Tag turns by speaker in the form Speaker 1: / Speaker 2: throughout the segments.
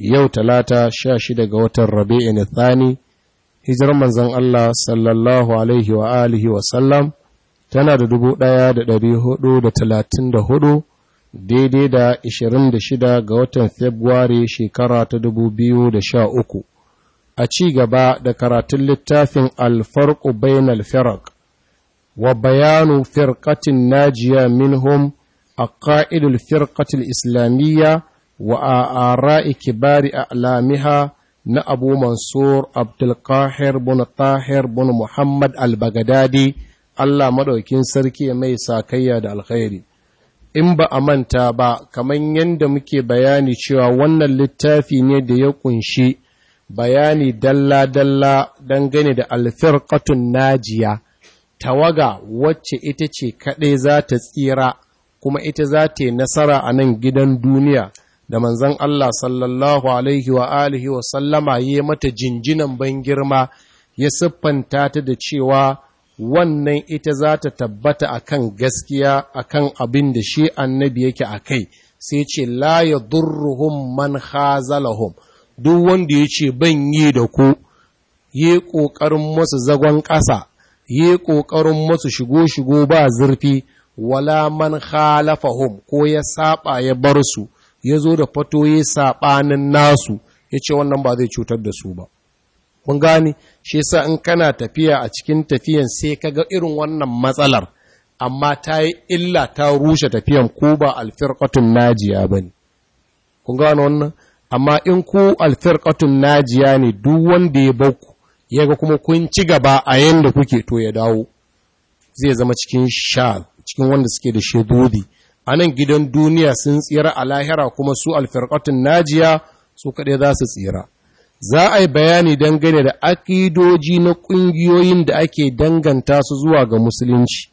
Speaker 1: yau talata sha shida ga watan rabi'in thani hijirar manzon Allah sallallahu alaihi wa alihi wa tana da dubu ɗaya da ɗari hudu da talatin da hudu daidai da ishirin da shida ga watan Februari shekara ta dubu biyu da sha uku a ci gaba da karatun littafin alfarku bainal firak wa bayanu firkatin najiya minhum a ka'idul firkatul islamiyya wa a ara'i kibari a'lamiha na abu mansur abdulkahir bin tahir bin muhammad al allah maɗaukin sarki mai sakayya da alkhairi in ba a manta ba kamar yadda muke bayani cewa wannan littafi ne da ya kunshi bayani dalla-dalla dangane da alfarkatun najiya tawaga wacce ita ce kaɗai za ta tsira kuma ita za ta yi nasara a nan gidan duniya da manzon Allah sallallahu alaihi wa alihi wa sallama ya mata jinjinan ban girma ya siffanta ta da cewa wannan ita za ta tabbata akan gaskiya akan abin da shi annabi yake a kai, sai ce la ya yadurruhum man khazalahum duk wanda ya ce ban yi da ku yi ƙoƙarin masu zagon ƙasa yi ƙoƙarin masu shigo-shigo ba zurfi wala man khalafahum ko ya saba ya bar su ya zo da fatoyi saɓanin nasu ya ce wannan ba zai cutar da su ba kun gani shi yasa in kana tafiya a cikin tafiyan sai ka ga irin wannan matsalar amma ta yi illa ta rushe tafiyan ko ba alfirqatun najiya ba ne. kun gane wannan amma in ku alfirqatun najiya ne duk wanda ya bauku ya ga kuma kun ci gaba a yanda kuke to ya dawo zai zama cikin sha cikin wanda suke da shedodi a nan gidan duniya sun tsira a lahira kuma su alfirƙatun najiya su kaɗai za su tsira za a yi bayani dangane da akidoji na ƙungiyoyin da ake danganta su zuwa ga musulunci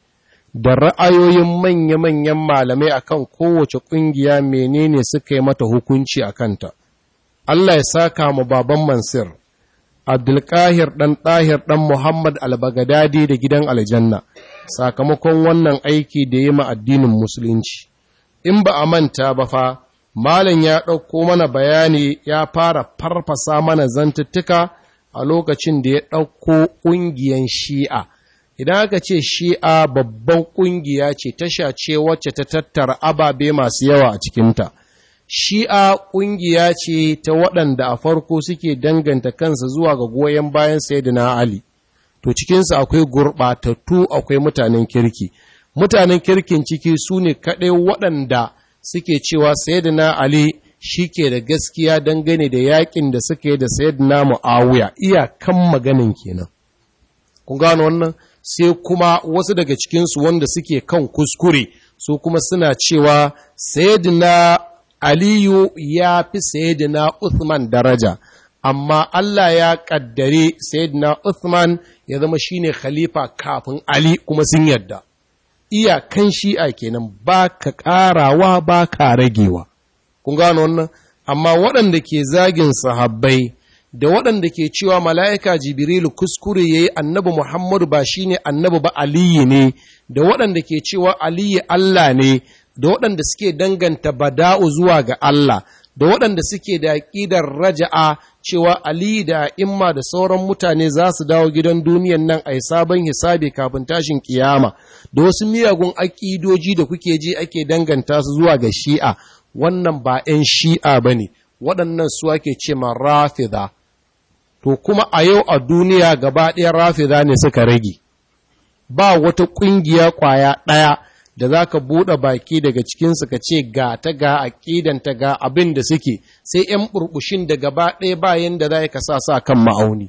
Speaker 1: da ra'ayoyin manya-manyan malamai a kan kowace ƙungiya menene suka yi mata hukunci a kanta Allah ya saka mu baban Mansir, Abdulkahir ɗan ɗahir ɗan Muhammad al da gidan aljanna sakamakon wannan aiki da ya ma addinin musulunci in ba a manta ba fa malam ya ɗauko mana bayani ya fara farfasa mana zantattuka a lokacin da ya ɗauko ƙungiyan shi'a idan aka ce shi'a babban ƙungiya ce tasha ce wacce ta tattara ababe masu yawa a cikinta shi'a ƙungiya ce ta waɗanda a farko suke danganta kansa zuwa ga goyon bayan sayyidina ali to cikinsu akwai gurɓatattu akwai mutanen kirki mutanen kirkin ciki su ne kaɗai waɗanda suke cewa sayyidina ali shi ke da gaskiya dangane da yaƙin da suke da sayyidina mu'awiya iyakan maganin kenan kun gano wannan sai kuma wasu daga cikinsu wanda suke kan kuskure su kuma suna cewa sayyidina aliyu ya fi sayyidina uthman daraja amma Allah ya kaddare sayyidina uthman ya zama shi ne khalifa kafin Ali kuma sun yadda iyakan shi'a kenan ba ka ƙarawa ba ka ragewa kun gano wannan amma waɗanda ke zagin sahabbai da waɗanda ke cewa mala'ika jibrilu kuskure ya yi annabi muhammadu ba shi ne annabi ba aliyu ne da waɗanda ke cewa aliyu allah ne da waɗanda suke danganta bada'u zuwa ga allah da waɗanda suke da ƙidar raja'a cewa Ali da imma da sauran mutane za su dawo gidan duniyan nan a yi sabon hisabi kafin tashin kiyama da wasu miyagun aƙidoji da kuke ji ake danganta su zuwa ga shi'a wannan ba 'yan shi'a ba ne waɗannan su ake ce ma rafida to kuma a yau a duniya gaba ɗaya rafida ne suka rage ba wata ƙungiya ƙwaya ɗaya da za ka buɗe baki daga cikinsu ka ce ga ta ga aƙidanta ga abin da suke sai 'yan burbushin da gaba ɗaya bayan da za ka sa sa kan ma'auni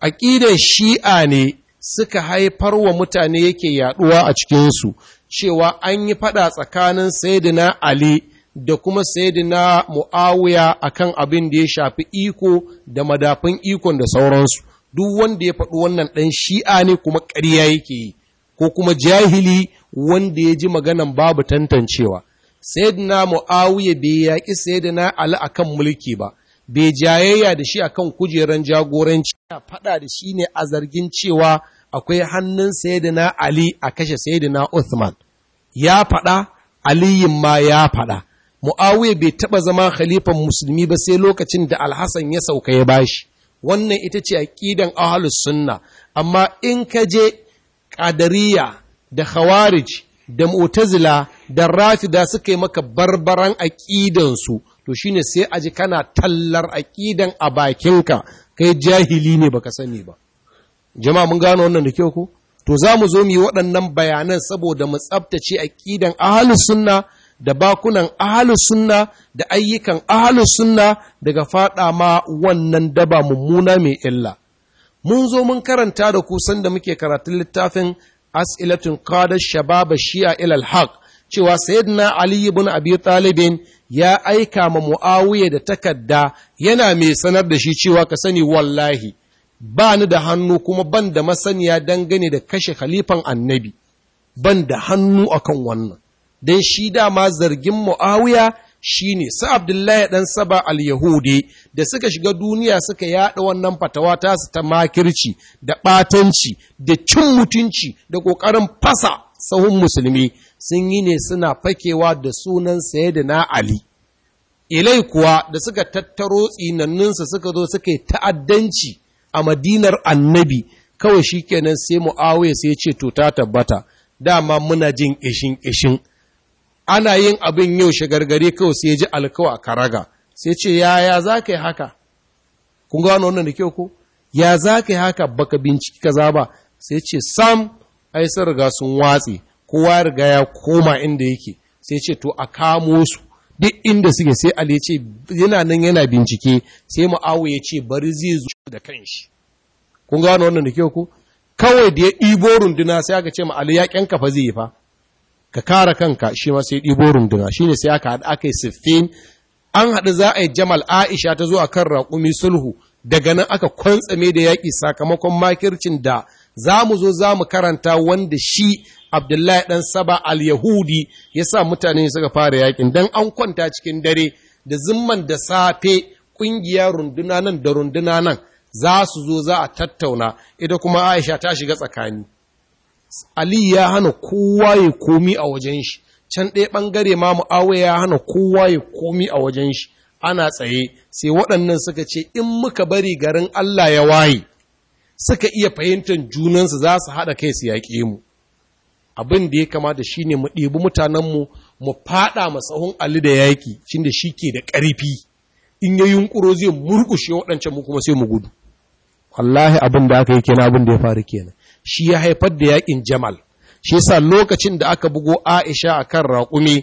Speaker 1: aƙidan shi'a ne suka haifar wa mutane yake yaɗuwa a cikinsu cewa an yi faɗa tsakanin saidina ali da kuma saidina mu'awiya akan abin da ya shafi iko da madafin ikon da sauransu duk wanda ya faɗi wannan ɗan shi'a ne kuma ƙarya yake yi ko kuma jahili wanda ya ji maganan babu tantancewa sayyidina muawiya bai yaƙi sayyidina ali akan mulki ba bai jayayya da shi akan kujeran jagoranci ya faɗa da shi ne a zargin cewa akwai hannun sayyidina ali a kashe sayyidina uthman ya faɗa aliyin ma ya faɗa muawiya bai taɓa zama khalifan musulmi ba sai lokacin da alhassan ya sauka ya bashi wannan ita ce ƙidan ahlus sunna amma in ka je ƙadariya da khawarij da mu'tazila da rafida suka yi maka barbaran su to shine sai a ji kana tallar aƙidan a bakinka kai jahili ne baka sani ba jama'a mun gano wannan da kyau ko to za mu zo mu yi waɗannan bayanan saboda mu tsabtace aƙidan ahalus sunna da bakunan ahalus sunna da ayyukan ahlu sunna daga faɗa ma wannan daba mummuna mai illa mun zo mun karanta da ku sanda muke karatun littafin as'ilatun qada shababa shi'a ila haq cewa sayyidina ali ibn abi talibin ya aika ma muawiya da takadda yana mai sanar da shi cewa ka sani wallahi ba ni da hannu kuma ban da masaniya dangane da kashe khalifan annabi ban da hannu akan wannan dan shi dama zargin muawiya shine su Abdullahi ɗan Saba al-Yahudi da suka shiga duniya suka yaɗa wannan fatawa ta su ta makirci da ɓatanci, da cin mutunci da ƙoƙarin fasa sahun musulmi sun yi ne suna fakewa da sunan Sayyidina Ali ilai kuwa da suka tattaro tsinanninsa suka zo suka yi ta'addanci a madinar annabi kawai shi shikenan sai mu'awiya sai ce to ta tabbata dama muna jin ƙishin ƙishin ana yin abin yau gari kawai sai ji alkawa karaga sai ce ya za ka yi haka kun gano wannan da kyau ko ya za ka yi haka baka binciki kaza ba sai ce sam ai sun riga sun watse kowa riga ya koma inda yake sai ce to a kamo su duk inda suke sai ali ce yana nan yana bincike sai mu'awu ya ce bari zai zo da kanshi kun gano wannan da kyau ko kawai da ya ibo runduna sai aka ce ma ali ya kyan fa zai yi fa ka kara kanka shi ma sai ɗibo runduna shi ne sai aka haɗu aka yi siffin an haɗu za a yi jamal aisha ta zo a kan raƙumi sulhu daga nan aka kwantsame da yaƙi sakamakon makircin da za mu zo za mu karanta wanda shi abdullahi ɗan saba al-yahudi ya sa mutane suka fara yaƙin don an kwanta cikin dare da zimman da safe ƙungiya runduna nan da runduna nan za su zo za a tattauna ita kuma aisha ta shiga tsakani ali ya hana kowa ya komi a wajen shi can ɗaya ɓangare ma mu'awiya ya hana kowa ya komi a wajen shi ana tsaye sai waɗannan suka ce in muka bari garin Allah ya waye suka iya fahimtar junansu za su haɗa kai su yaƙe mu abin da ya kamata shi ne mu ɗebi mutanenmu mu faɗa masahun Ali da yaƙi cin da shi ke da ƙarfi in ya yunƙuro zai murƙushe waɗancan mu kuma sai mu gudu wallahi abin da aka yi kenan abin da ya faru kenan shi ya haifar da yakin jamal shi yasa lokacin da aka bugo aisha akan raƙumi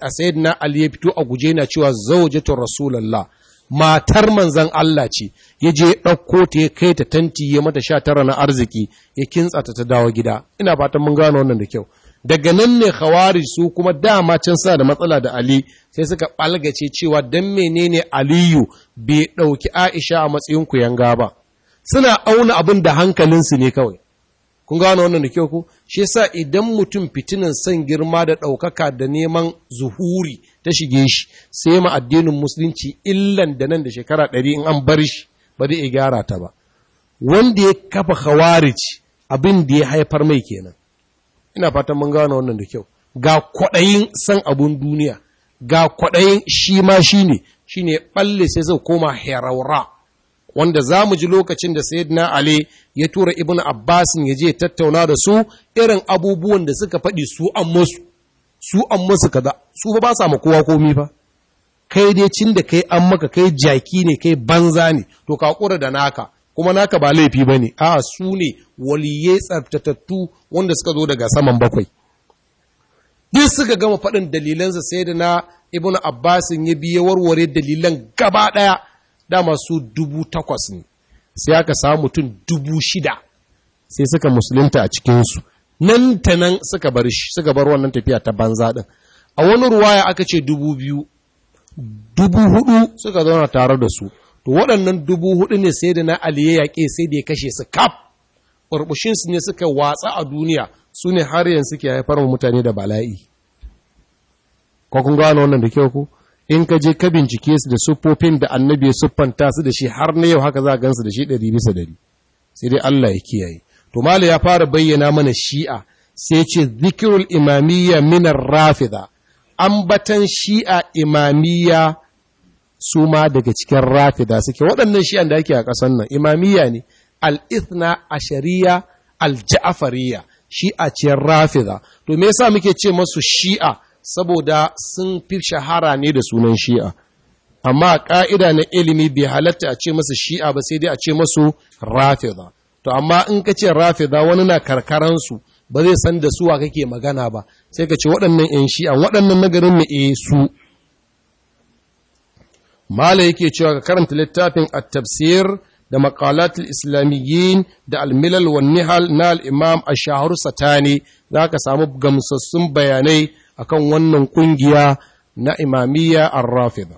Speaker 1: a sayidina ali ya fito a guje na cewa zawjatu rasulallah, matar manzan Allah ce ya je ɗauko ta ya kai ta tanti ya mata sha tara na arziki ya kintsa ta dawo gida ina fatan mun gano wannan da kyau daga nan ne khawari su kuma dama can sa da matsala da Ali sai suka ɓalgace cewa dan menene Aliyu bai ɗauki Aisha a matsayin kuyanga ba suna auna abin da hankalinsu ne kawai kun gano wannan da kyau ko shi yasa idan mutum fitinan son girma da ɗaukaka da neman zuhuri ta shige shi sai ma addinin musulunci illan da nan da shekara ɗari in an bar shi ba zai iya gyara ta ba wanda ya kafa khawarij abin da ya haifar mai kenan ina fatan mun gano wannan da kyau ga kwaɗayin san abun duniya ga kwaɗayin shi ma shi ne shi ne ɓalle sai zai koma heraura wanda za mu ji lokacin da sayyidina ali ya tura ibn abbasin ya je tattauna da su irin abubuwan da suka faɗi su an musu su an musu kaza su ba sa ma kowa komi ba kai dai cin da kai an maka kai jaki ne kai banza ne to ka kura da naka kuma naka ba laifi ba ne a su ne waliye tsaftatattu wanda suka zo daga saman bakwai duk suka gama faɗin dalilansa sai da na ibn abbasin ya biya warware dalilan gaba ɗaya dama su dubu takwas ne sai aka samu mutum dubu shida sai suka musulunta a cikinsu nan ta nan suka bar shi suka bar wannan tafiya ta banza din a wani ruwaya aka ce dubu biyu dubu hudu suka zauna tare da su to waɗannan dubu hudu ne sai da na aliyu yaƙe sai da ya kashe su kaf ɓarɓushinsu ne suka watsa a duniya su ne har yanzu suke haifar mutane da bala'i ko kun gano wannan da kyau ko. in ka je ka bincike su da sufofin da annabi ya siffanta su da shi har na yau haka za a gansu da shi ɗari bisa ɗari sai dai Allah ya kiyaye to mala ya fara bayyana mana shi'a sai ce zikirul imamiyya minar rafida batan shi'a imamiyya su ma daga cikin rafida suke waɗannan shi'an da ake a ƙasar nan imamiyya ne al-ithna ashariya al-ja'fariya shi'a ce rafida to me yasa muke ce masu shi'a saboda sun fi shahara ne da sunan shi'a amma ƙa'ida na ilimi bai halatta a ce masu shi'a ba sai dai a ce masu rafida to amma in ka ce rafida wani na karkaransu ba zai san da suwa kake magana ba sai ka ce waɗannan 'yan shi'a waɗannan nagarin mu e su mala yake cewa ka karanta littafin a tafsir da makalatul islamiyyin da al-milal nihal na al-imam a shahr satani ka samu gamsassun bayanai akan wannan ƙungiya na imamiyya ar-rafida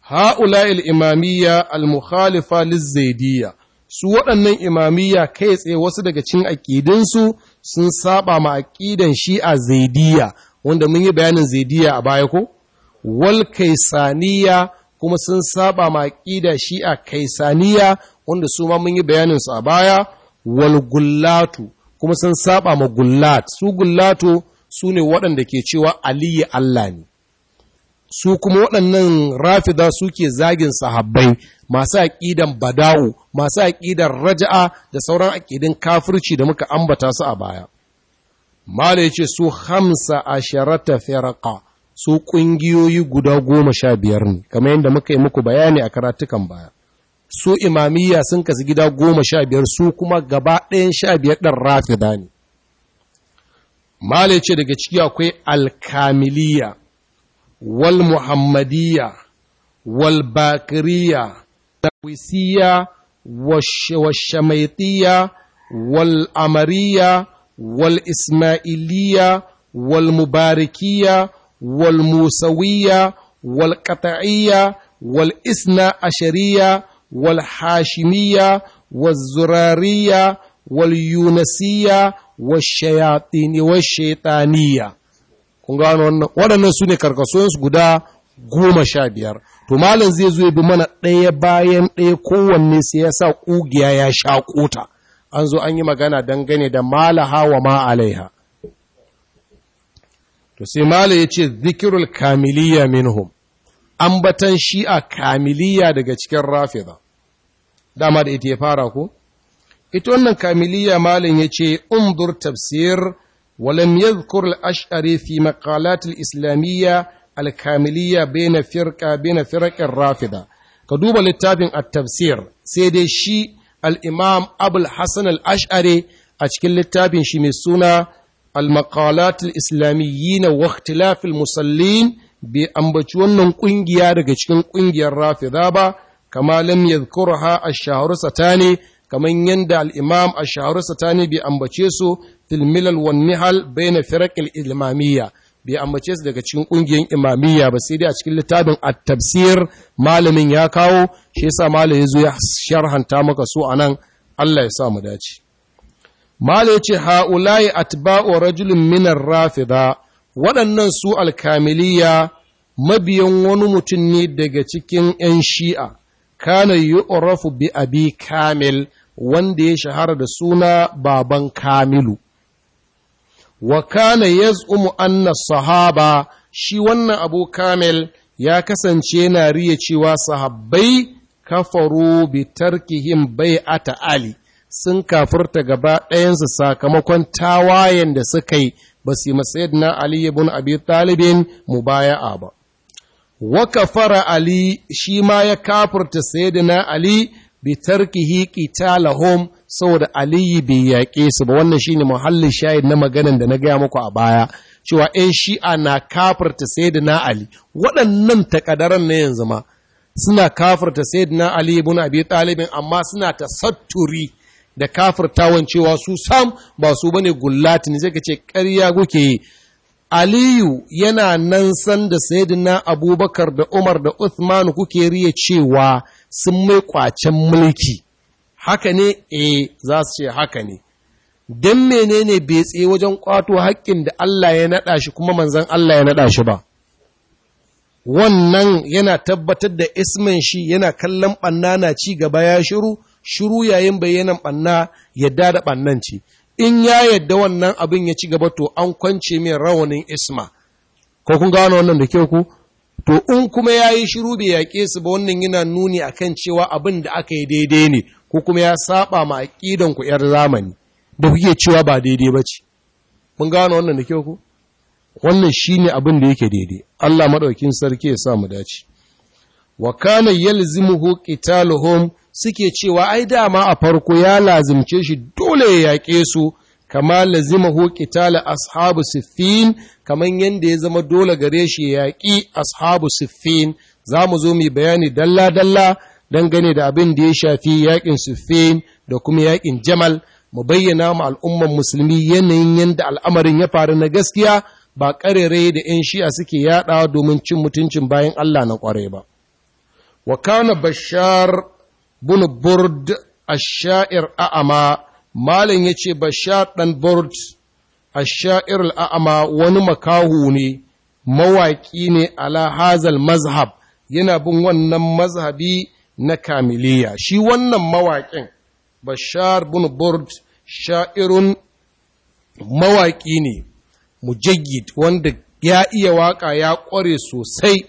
Speaker 1: ha'ula imamiyya al-mukhalifa liz su waɗannan imamiyya kai tsaye wasu daga cin aƙidinsu sun saba ma aƙidan shi'a zaidiyya wanda mun yi bayanin zaidiyya a baya ko wal kaisaniya kuma sun saba ma aƙida shi'a kaisaniya wanda su ma mun yi bayanin su a baya wal gullatu kuma sun saba ma gullat su gullatu su ne waɗanda ke cewa aliyu Allah ne su kuma waɗannan rafida suke zagin sahabbai masu aƙidan badawu, masu aƙidan raja'a da sauran aƙidin kafirci da muka ambata su a baya mala ya ce su hamsa a sharata firaka su ƙungiyoyi guda goma sha biyar ne kamar yadda muka yi muku bayani a karatukan baya su imamiyya sun kasu gida goma sha biyar su kuma gaba ɗayan sha biyar ɗan rafida ne Male ce daga ciki akwai alkamiliya, wal muhammadiya wal bakiriya, tawisiya, washamaitiya, wal amariya, wal ismailiya, wal mubarikiya, wal musawiya, wal qata'iyya, wal isna ashariya, wal hashimiya, wal zurariya, wal yunasiya, washayatini washaitaniya kun gano wannan waɗannan su ne karkasoyinsu guda goma sha biyar to malam zai zo ya bi mana ɗaya bayan ɗaya kowanne sai ya sa ƙugiya ya sha ƙota an zo an yi magana dangane da malaha wa ma alaiha to sai malam ya ce zikirul kamiliya minhum ambatan shi'a kamiliya daga cikin rafida dama da ita ya fara ko ita wannan kamiliya malin ya ce undur tafsir walam yadhkur al-ash'ari fi maqalat al-islamiyya al-kamiliya baina firqa baina firaq rafida ka duba littafin at-tafsir sai dai shi al-imam abul hasan al-ash'ari a cikin littafin shi mai suna al-maqalat al-islamiyyin wa ikhtilaf al-musallin bai ambaci wannan kungiya daga cikin kungiyar rafida ba kama lam yadhkurha ash-shahru satani kamar yadda al'imam a shahararsa satani bai ambace su filmilal wani hal bai na firakil ilmamiyya bai ambace su daga cikin ƙungiyar imamiya ba sai dai a cikin littafin a tafsir malamin ya kawo shi yasa malam ya zo ya sharhanta maka su a nan allah ya sa mu dace malam ya ce ha'ulayi atba'u rajulun minar ba, waɗannan su alkamiliya mabiyan wani mutum ne daga cikin ‘yan shi'a kana yu'rafu bi abi kamil wanda ya shahara da suna baban kamilu wa kana yaz'umu anna sahaba shi wannan abu kamil ya kasance yana riya cewa sahabbai kafaru bi tarkihim bai'ata ali sun kafurta gaba ɗayansu sakamakon tawayen da suka yi ba su yi masayid na Ali ibn Abi Talibin mubaya'a ba. Waka fara ali shi ma ya kafirta sayyidina ali bi tarkihi qitalahum saboda aliyu bai yaƙe su ba wannan shine muhallin shayi na maganan da na gaya muku a baya cewa ‘yan shi'a na kafarta sayyidina Ali, waɗannan takadaran na yanzu ma suna kafarta sayyidina Ali ibn Abi Talibin amma suna ta satturi da kafirtawan cewa su sam ba su bane gullatin zai ka ce ƙarya kuke yi aliyu yana nan san da Sayyidina abubakar da umar da uthman kuke riya cewa sun mai kwacen mulki haka ne eh za su ce haka ne dan menene bai tsaye wajen kwato haƙƙin da Allah ya naɗa shi kuma manzon Allah ya naɗa shi ba wannan yana tabbatar da ismin shi yana kallon ɓanna na ci gaba ya shiru shiru yayin bayyanan ɓanna yadda da ɓannanci. ce in ya yadda wannan abin ya ci gaba to an kwance mai rawanin isma ko kun gano wannan da kyau ku to in kuma ya yi shiru bai yaƙe su ba wannan yana nuni a kan cewa abin da aka yi daidai ne ko kuma ya saba ma aƙidan ku yar zamani da kuke cewa ba daidai ba ce mun gano wannan da kyau ku wannan shine abin da yake daidai Allah madaukin sarki ya sa mu dace wa kana yalzimuhu qitaluhum suke cewa ai dama a farko ya lazimce shi dole ya yaƙe su kama lazimahu qitala ashabu siffin kaman yanda ya zama dole gare shi ya yaƙi ashabu siffin zamu zo mu bayani dalla dalla dangane da abin da ya shafi yaƙin siffin da kuma yaƙin jamal mu bayyana mu al'umman musulmi yanayin yanda al'amarin ya faru na gaskiya ba ƙarere da 'yan shi'a suke yaɗawa domin cin mutuncin bayan Allah na ƙware ba. Wakana kana bashar bin burd ash-sha'ir ama malam yace bashar dan burd ash-sha'ir al-a'ama wani makaho ne mawaƙi ne ala mazhab yana bin wannan mazhabi na kamiliya shi wannan mawaƙin bashar bin burd sha'irun mawaƙi ne mujayyid wanda ya iya waƙa ya ƙware sosai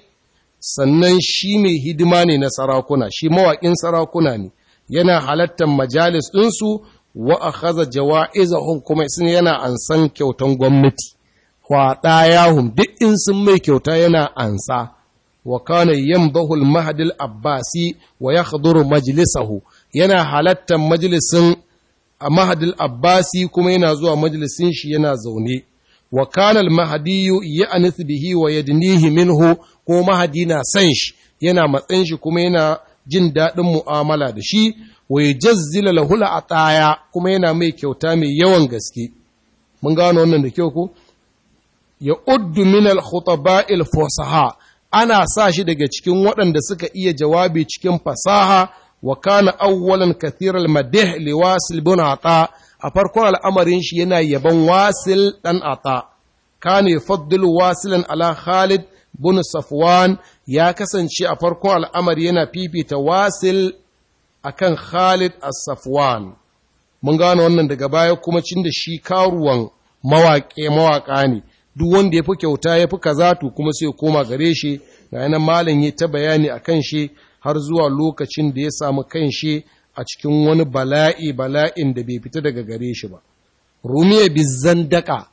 Speaker 1: sannan shi mai hidima ne na sarakuna shi mawaƙin sarakuna ne yana halattar majalis ɗinsu wa a haza jawa'izahun kuma sun yana ansan kyautan gwamnati kwaɗa yahun duk in sun mai kyauta yana ansa wa kana yin bahul mahadil abbasi wa yahduru majalisahu yana halattar majalisin a mahadil abbasi kuma yana zuwa majalisin shi yana zaune wa kana al-mahdiyu ya'nis bihi wa yadnihi minhu ko mahdi na san yana matsayin shi kuma yana jin daɗin mu'amala da shi wa yajazzila lahu al-ataya kuma yana mai kyauta mai yawan gaske mun gano wannan da kyau ko ya uddu min al-khutaba'i al-fusaha ana sa shi daga cikin waɗanda suka iya jawabi cikin fasaha wa kana awwalan kathiral al liwasil bunata a farkon al'amarin shi yana yaban wasil ɗan ata kane faddilu wasilan ala khalid bin safwan ya kasance a farkon al'amari yana fifita wasil akan khalid a safwan mun gano wannan daga baya kuma cin da shi karuwan mawaƙe mawaƙa ne duk wanda ya fi kyauta ya fi kazatu kuma sai koma gare shi ga yanan malam ya ta bayani a kan shi har zuwa lokacin da ya samu kan shi a cikin wani bala'i bala'in da bai fita daga gare shi ba rumiya bizandaka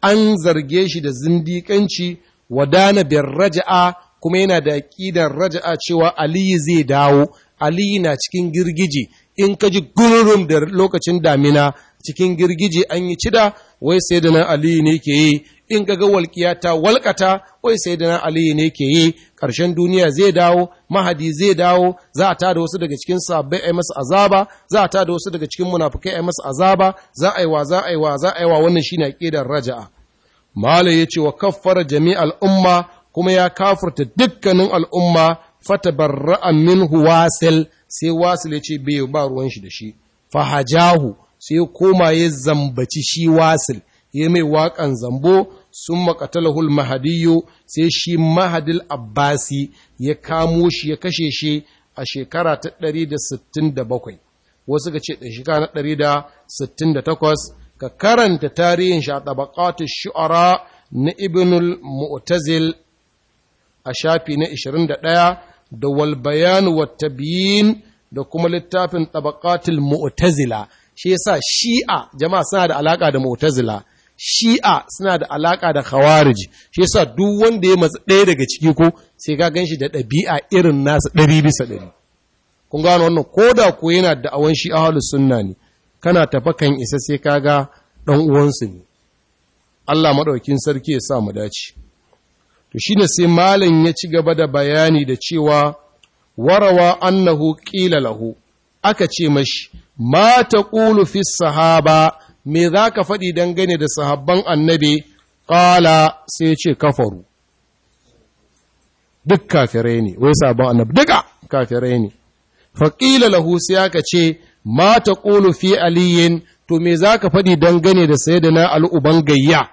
Speaker 1: an zarge shi da zindiƙanci wadana bin raja'a kuma yana da aƙidar raja'a cewa aliyu zai dawo aliyu na cikin girgije in ka ji gururum da lokacin damina cikin girgije an yi cida wai sai da nan aliyu ne ke yi in ga walƙiya ta walƙata wai sai da aliyu ne ke yi ƙarshen duniya zai dawo mahadi zai dawo za a tada wasu daga cikin sabbai a masa azaba za a tada wasu daga cikin munafukai a masa azaba za a yi wa za a yi wa za a yi wa wannan shine aqidar raja'a malai ya ce wa kaffara jami'al umma kuma ya kafurta dukkanin al'umma fatabarra'a minhu wasil sai wasil ya ce bai ba ruwan shi da shi fahajahu sai koma ya zambaci shi wasil ya mai waƙan zambo sun makatalahul mahadiyo sai shi mahadil abbasi ya kamo shi ya kashe shi a shekara ta 167 wasu ka ce da shekara na 168 ka karanta tarihin shi a tabakatun shu'ara na ibnul mu'tazil a shafi na 21 da walbayan wattabiyin da kuma littafin tabakatul mu'tazila shi yasa shi'a jama'a suna da alaka da mu'tazila shi'a suna da alaka da khawarij shi yasa duk wanda ya matsa ɗaya daga ciki ko sai ka ganshi da ɗabi'a irin nasa ɗari bisa ɗari kun gano wannan ko da ko yana da awon shi halu sunna ne kana tafa kan isa sai ka ga ɗan uwansu ne Allah maɗaukin sarki ya sa mu dace to shine sai malam ya ci gaba da bayani da cewa warawa annahu qila lahu aka ce mashi ma taqulu fi sahaba me za ka faɗi dangane da sahabban annabi ƙala sai ce kafaru duk kafirai ne wai sabon annabi duka kafirai ne faƙila lahu sai aka ce ma ta ƙulu fi aliyin to me za ka faɗi dangane da sai da na al'uban gayya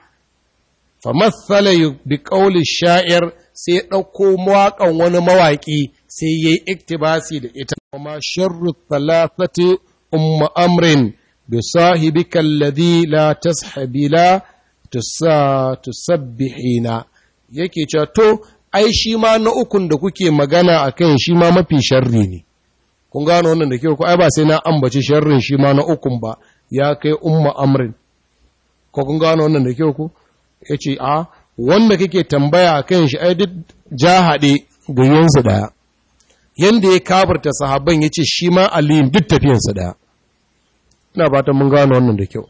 Speaker 1: famathala bi ƙauli sha'ir sai ɗauko mawaƙan wani mawaƙi sai ya yi iktibasi da ita kuma sharru talafati umma amrin bi sahibika alladhi la tashabila tusa tusabbihina yake cewa to ai shi ma na ukun da kuke magana akan shi ma mafi sharri ne kun gano wannan da kyau ko ai ba sai na ambaci sharrin shi ma na ukun ba ya kai umma amrin ko kun gano wannan da kyau ko yace a wanda kake tambaya akan shi ai duk jahade gayensu daya yanda ya kabarta sahabban yace shi ma aliyin duk tafiyarsa daya ina ba ta mun gano wannan da kyau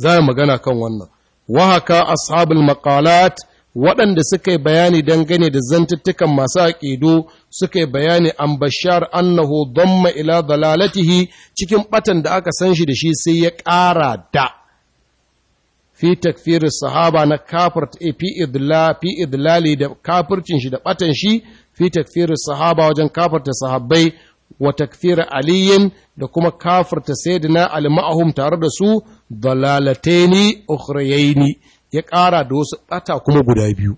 Speaker 1: za yi magana kan wannan wahaka ashabul maqalat waɗanda suka yi bayani dangane da zantattukan masu aƙido suka yi bayani an bashar annahu dhamma ila dalalatihi cikin batan da aka san shi da shi sai ya ƙara da fi takfirin sahaba na kafirta eh, fi idlali da kafircin shi da batan shi fi takfirin sahaba wajen kafirta sahabbai wa takfir aliyin da kuma kafirta sayyidina ali tare da su dalalataini ukhrayaini ya ƙara da wasu ɓata kuma guda biyu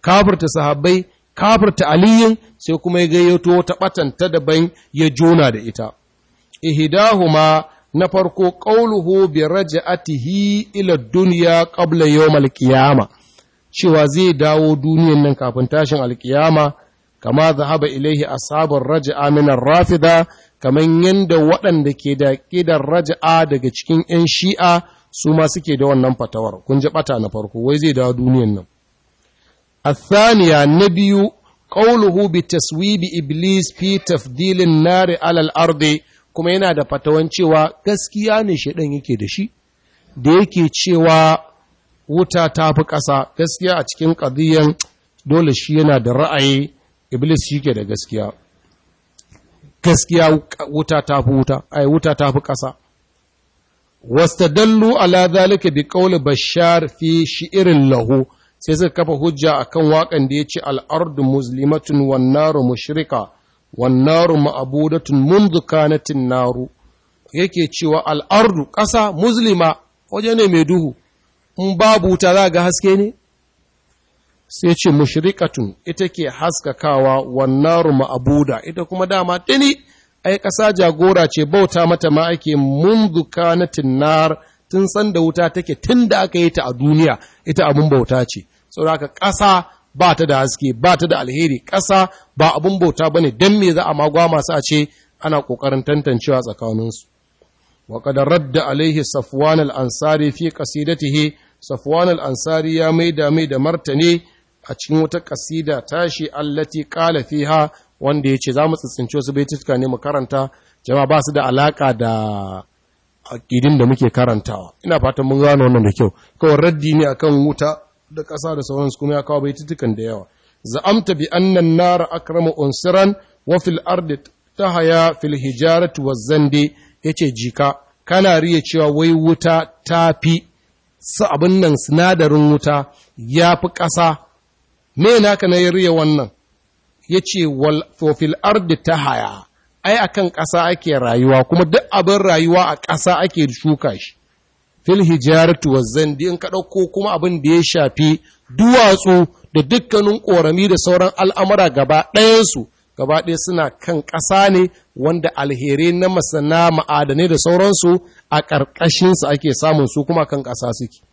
Speaker 1: kafirta sahabbai kafirta aliyin sai kuma ya gayyato wata ɓatanta daban ya jona da ita ihdahuma na farko ƙauluhu bi raj'atihi ila duniya qabla yawm al cewa zai dawo duniyar nan kafin tashin alkiyama kama zahaba ilaihi a sabon raja'a minan rafida kamar yadda waɗanda ke da ƙidar raja'a daga cikin 'yan shi'a su ma suke da wannan fatawar kun ji ɓata na farko wai zai dawo duniyan nan na biyu, نبي قوله بتسويب iblis fi tafdilin nari alal arde kuma yana da fatawan cewa gaskiya ne shaɗan yake da shi da yake cewa wuta ta fi ƙasa gaskiya a cikin ƙadiyyan dole shi yana da ra'ayi iblis shi ke da gaskiya gaskiya wuta ta fi wuta ai wuta ta fi ƙasa wastadallu ala zalika bi qawli bashar fi shi'irin lahu sai suka kafa hujja akan waƙan da yace al-ardu muslimatun wan naru mushrika wan naru ma'budatun mundu kanatin naru yake cewa al-ardu ƙasa muslima waje ne mai duhu in babu wuta za ga haske ne sai ce mushrikatun ita ke haskakawa wannaru Buda, ita kuma dama a ai ƙasa jagora ce bauta mata ma ake duka na nar tun san da wuta take tun da aka yi ta a duniya ita abin bauta ce aka ƙasa ba ta da haske ba ta da alheri ƙasa ba abun bauta ba ne don me za a magwa masu a ce ana ƙoƙarin tantancewa tsakaninsu wa qad radda alaihi safuwan al'ansari ansari fi ƙasidatihi safuwan al'ansari ansari ya da mai da martani a cikin wata kasida tashi allati qala fiha wanda yace za mu tsitsince wasu baituka ne mu karanta jama'a ba su da alaka da aqidin da muke karantawa ina fatan mun gano wannan da kyau kawai raddi ne akan wuta da ƙasa da sauran su kuma ya kawo baitutukan da yawa za'amta bi annan nara akramu unsiran wa fil ardi haya fil hijarati waz zandi yace jika kana riya cewa wai wuta tafi su abin nan sinadarin wuta ya fi ƙasa me naka na riya wannan ya ce fofil ardi ta haya ai akan ƙasa ake rayuwa kuma duk abin rayuwa a ƙasa ake shuka shi fil hijaratu wa zandi in ka ɗauko kuma abin da ya shafi duwatsu da dukkanin ƙorami da sauran al'amura gaba ɗayansu gaba ɗaya suna kan ƙasa ne wanda alheri na masana ma'adanai da sauransu a ƙarƙashinsu ake samun su kuma kan ƙasa suke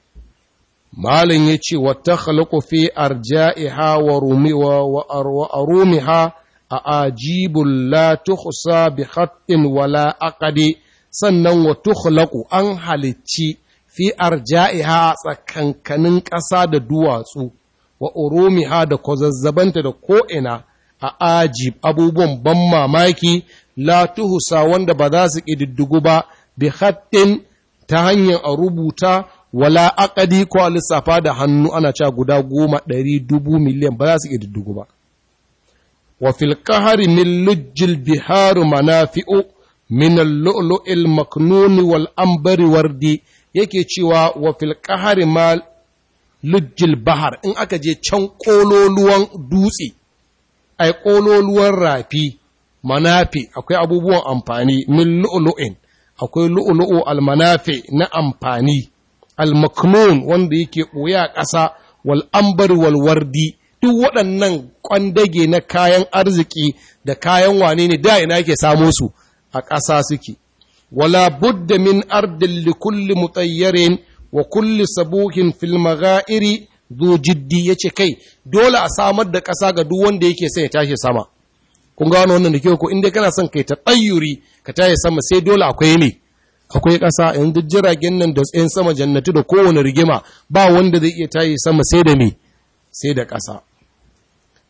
Speaker 1: malin ya ce wata khalaku fi arja'iha wa rumiwa wa arumiha a ajibun la tuhusa bi haɗin wala aqdi sannan wa tukhlaqu an halicci fi arja'iha tsakankanin ƙasa da duwatsu wa urumiha da kwazazzabanta da ko'ina a ajib abubuwan ban mamaki la tuhusa wanda ba za su ƙididdugu ba bi hattin ta hanyar a rubuta wala akadi ko a lissafa da hannu ana cewa guda goma ɗari dubu miliyan ba za su iya diddugu ba wa fil kahari min lujjil biharu manafi'u min al-lu'lu'il maknuni wal ambari wardi yake cewa wa fil kahari ma lujjil bahar in aka je can kololuwan dutse ai kololuwan rafi manafi akwai abubuwan amfani min lu'lu'in akwai lu'lu'u al-manafi na amfani al wanda yake ɓoye a ƙasa wal ambar wal wardi duk waɗannan ƙwandage na kayan arziki da kayan wane ne da ina yake samo su a ƙasa suke wala budda min ardin li kulli mutayyarin wa kulli sabuhin fil maghairi zo jiddi yace kai dole a samar da ƙasa ga duk wanda yake son ya tashi sama kun ga wannan da kyau ko inda kana son kai ta tsayyuri ka tashi sama sai dole akwai ne akwai ƙasa in duk jiragen nan da tsayin sama jannatu da kowane rigima ba wanda zai iya tayi sama sai da me sai da ƙasa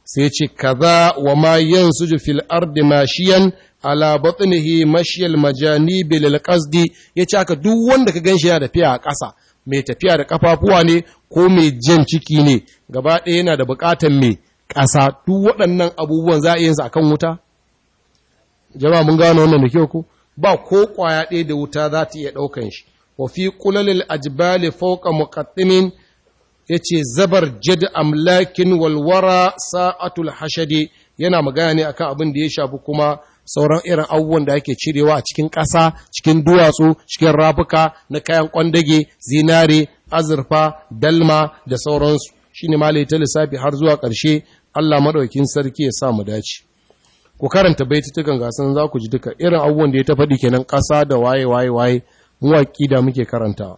Speaker 1: sai ce kaza wa ma yansuju fil ardi mashiyan ala batnihi mashiyal majani bil qasdi Ya caka duk wanda ka ganshi yana tafiya a ƙasa mai tafiya da kafafuwa ne ko mai jan ciki ne gaba ɗaya yana da buƙatar mai ƙasa duk waɗannan abubuwan za a yi sa akan wuta jama'a mun gano wannan da kyau ko ba ko kwaya ɗaya da wuta za ta iya ɗaukan shi wa fi ƙulalil ajibali fauka muƙaddimin ya ce zabar jad amlakin walwara sa'atul hashade yana magana ne akan abin da ya shafi kuma sauran irin abubuwan da ake cirewa a cikin ƙasa cikin duwatsu cikin rafuka na kayan ƙwandage zinare azurfa dalma da sauransu shine ma ta lissafi har zuwa ƙarshe Allah maɗaukin sarki ya sa mu dace ku karanta baitutukan gasar, za ku ji duka irin abubuwan da ya ta faɗi kenan ƙasa da waye waye waye mu da muke karanta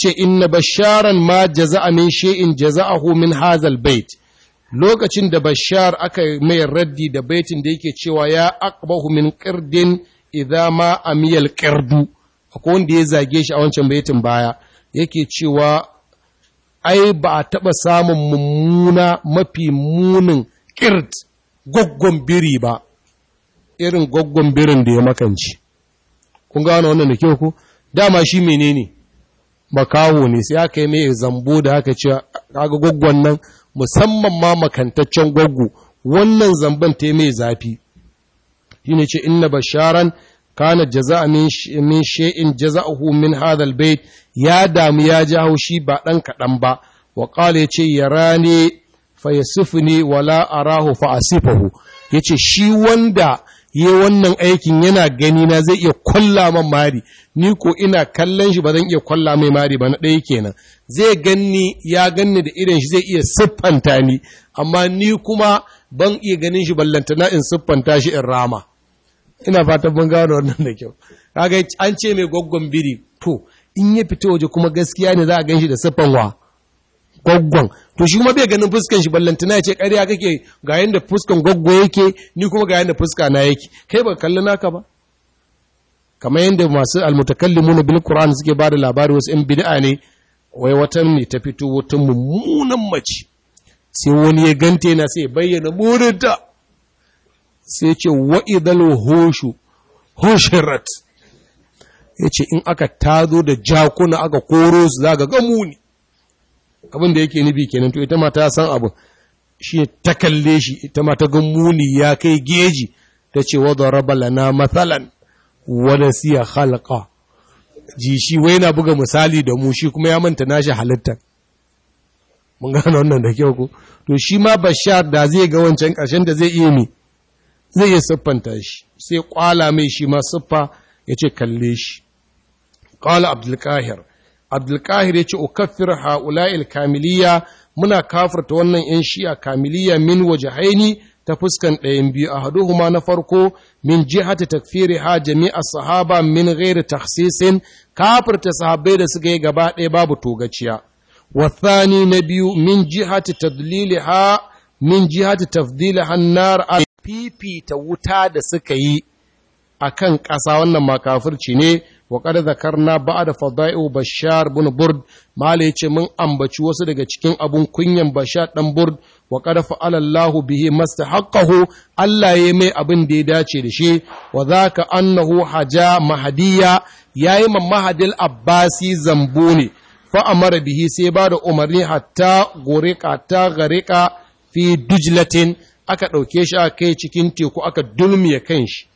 Speaker 1: ce in na basharan ma jaza'a min jaza a min hazal bait lokacin da bashar aka mai raddi da baitin da yake cewa ya aqbahu min qirdin idza ma amiyal qirdu akwai wanda ya zage shi a wancan baitin baya yake cewa ai ba a taɓa samun mummuna mafi munin ƙirt Goggon biri ba irin goggon birin da ya makanci kun gano wannan da kyau ku dama shi menene makawo ne sai aka yi mai zambo da aka ce kaga goggon nan musamman ma makantaccen goggo wannan zamban ta mai zafi ne ce inna sharan kana jaza'a min min shay'in jaza'uhu min hadha albayt ya damu ya ji haushi ba dan kaɗan ba wa qala ya yarani fa wala arahu fa asifahu yace shi wanda yi wannan aikin yana gani na zai iya kulla man mari ni ko ina kallon shi ba zan iya kwalla mai mari ba na ɗaya kenan zai ganni ya ganni da irin shi zai iya siffanta ni amma ni kuma ban iya ganin shi na in siffanta shi in rama ina fatan ban gano wannan da kyau kaga an ce mai gwaggon biri to in ya fito waje kuma gaskiya ne za a gan da siffan wa gwaggon to shi kuma bai ganin fuskan shi ballantana ya ce ƙarya kake ga yadda fuskan gwaggo yake ni kuma ga yadda fuska na yake kai ba kalli naka ba kamar yadda masu almutakallimuna bil qur'an suke ba da labari wasu yan bid'a ne wai wata ne ta fito wata mummunan mace sai wani ya gante na sai bayyana burinta sai ce wa idal hoshu hoshirat yace in aka tazo da jakuna aka koro su zaga ga muni abin da yake nufi kenan to ita ma ta san abin shi ta kalle shi ita ma ta ga muni ya kai geji ta ce wa daraba lana mathalan wa nasiya khalqa ji shi wai yana buga misali da mu shi kuma ya manta nashi halitta mun gane wannan da kyau ko to shi ma bashar da zai ga wancan ƙarshen da zai iya ne zai iya siffanta shi sai kwala mai shi ma siffa ya ce kalle shi qala abdul qahir abdulkahir ya ce ukaffir ha'ula'il kamiliya muna kafirta wannan ‘yan shi'a kamiliya min waje haini ta fuskan ɗayan biyu a haduhuma na farko min jihati takfiri ha jami'a sahaba min gairi tahsisin kafirta sahabbai da suka yi gaba ɗaya babu togaciya wathani na biyu min jihati tadlili ha min jihati tafdili hannar a fifita wuta da suka yi a kan ƙasa wannan makafirci ne wa kada zakarna da fada'i'u bashar bin burd mala yace mun ambaci wasu daga cikin abun kunyan bashar dan burd wa kada fa'ala Allahu bihi Allah ya mai abin da ya dace da shi wa zaka annahu haja Mahadiya, yayi man mahadil abbasi zambo ne fa amara bihi sai ba da umarni hatta gurika ta garika fi dujlatin aka ɗauke shi a kai cikin teku aka dulmiya kan shi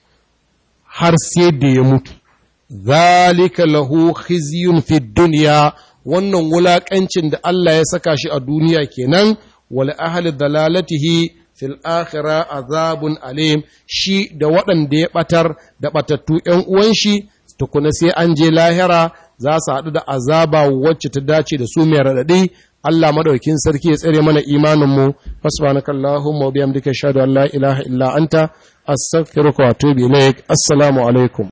Speaker 1: har sai da ya mutu zalika lahu khizyun fid dunya wannan wulaƙancin da Allah ya saka shi a duniya kenan wal ahli dalalatihi fil akhira azabun alim shi da waɗanda ya batar da batattu ƴan uwan shi tukuna sai an je lahira za su haɗu da azaba wacce ta dace da su mai raɗaɗi Allah madaukin sarki ya tsare mana imanin mu subhanakallahumma wa bihamdika ashhadu an la ilaha illa anta astaghfiruka wa atubu ilaik assalamu alaikum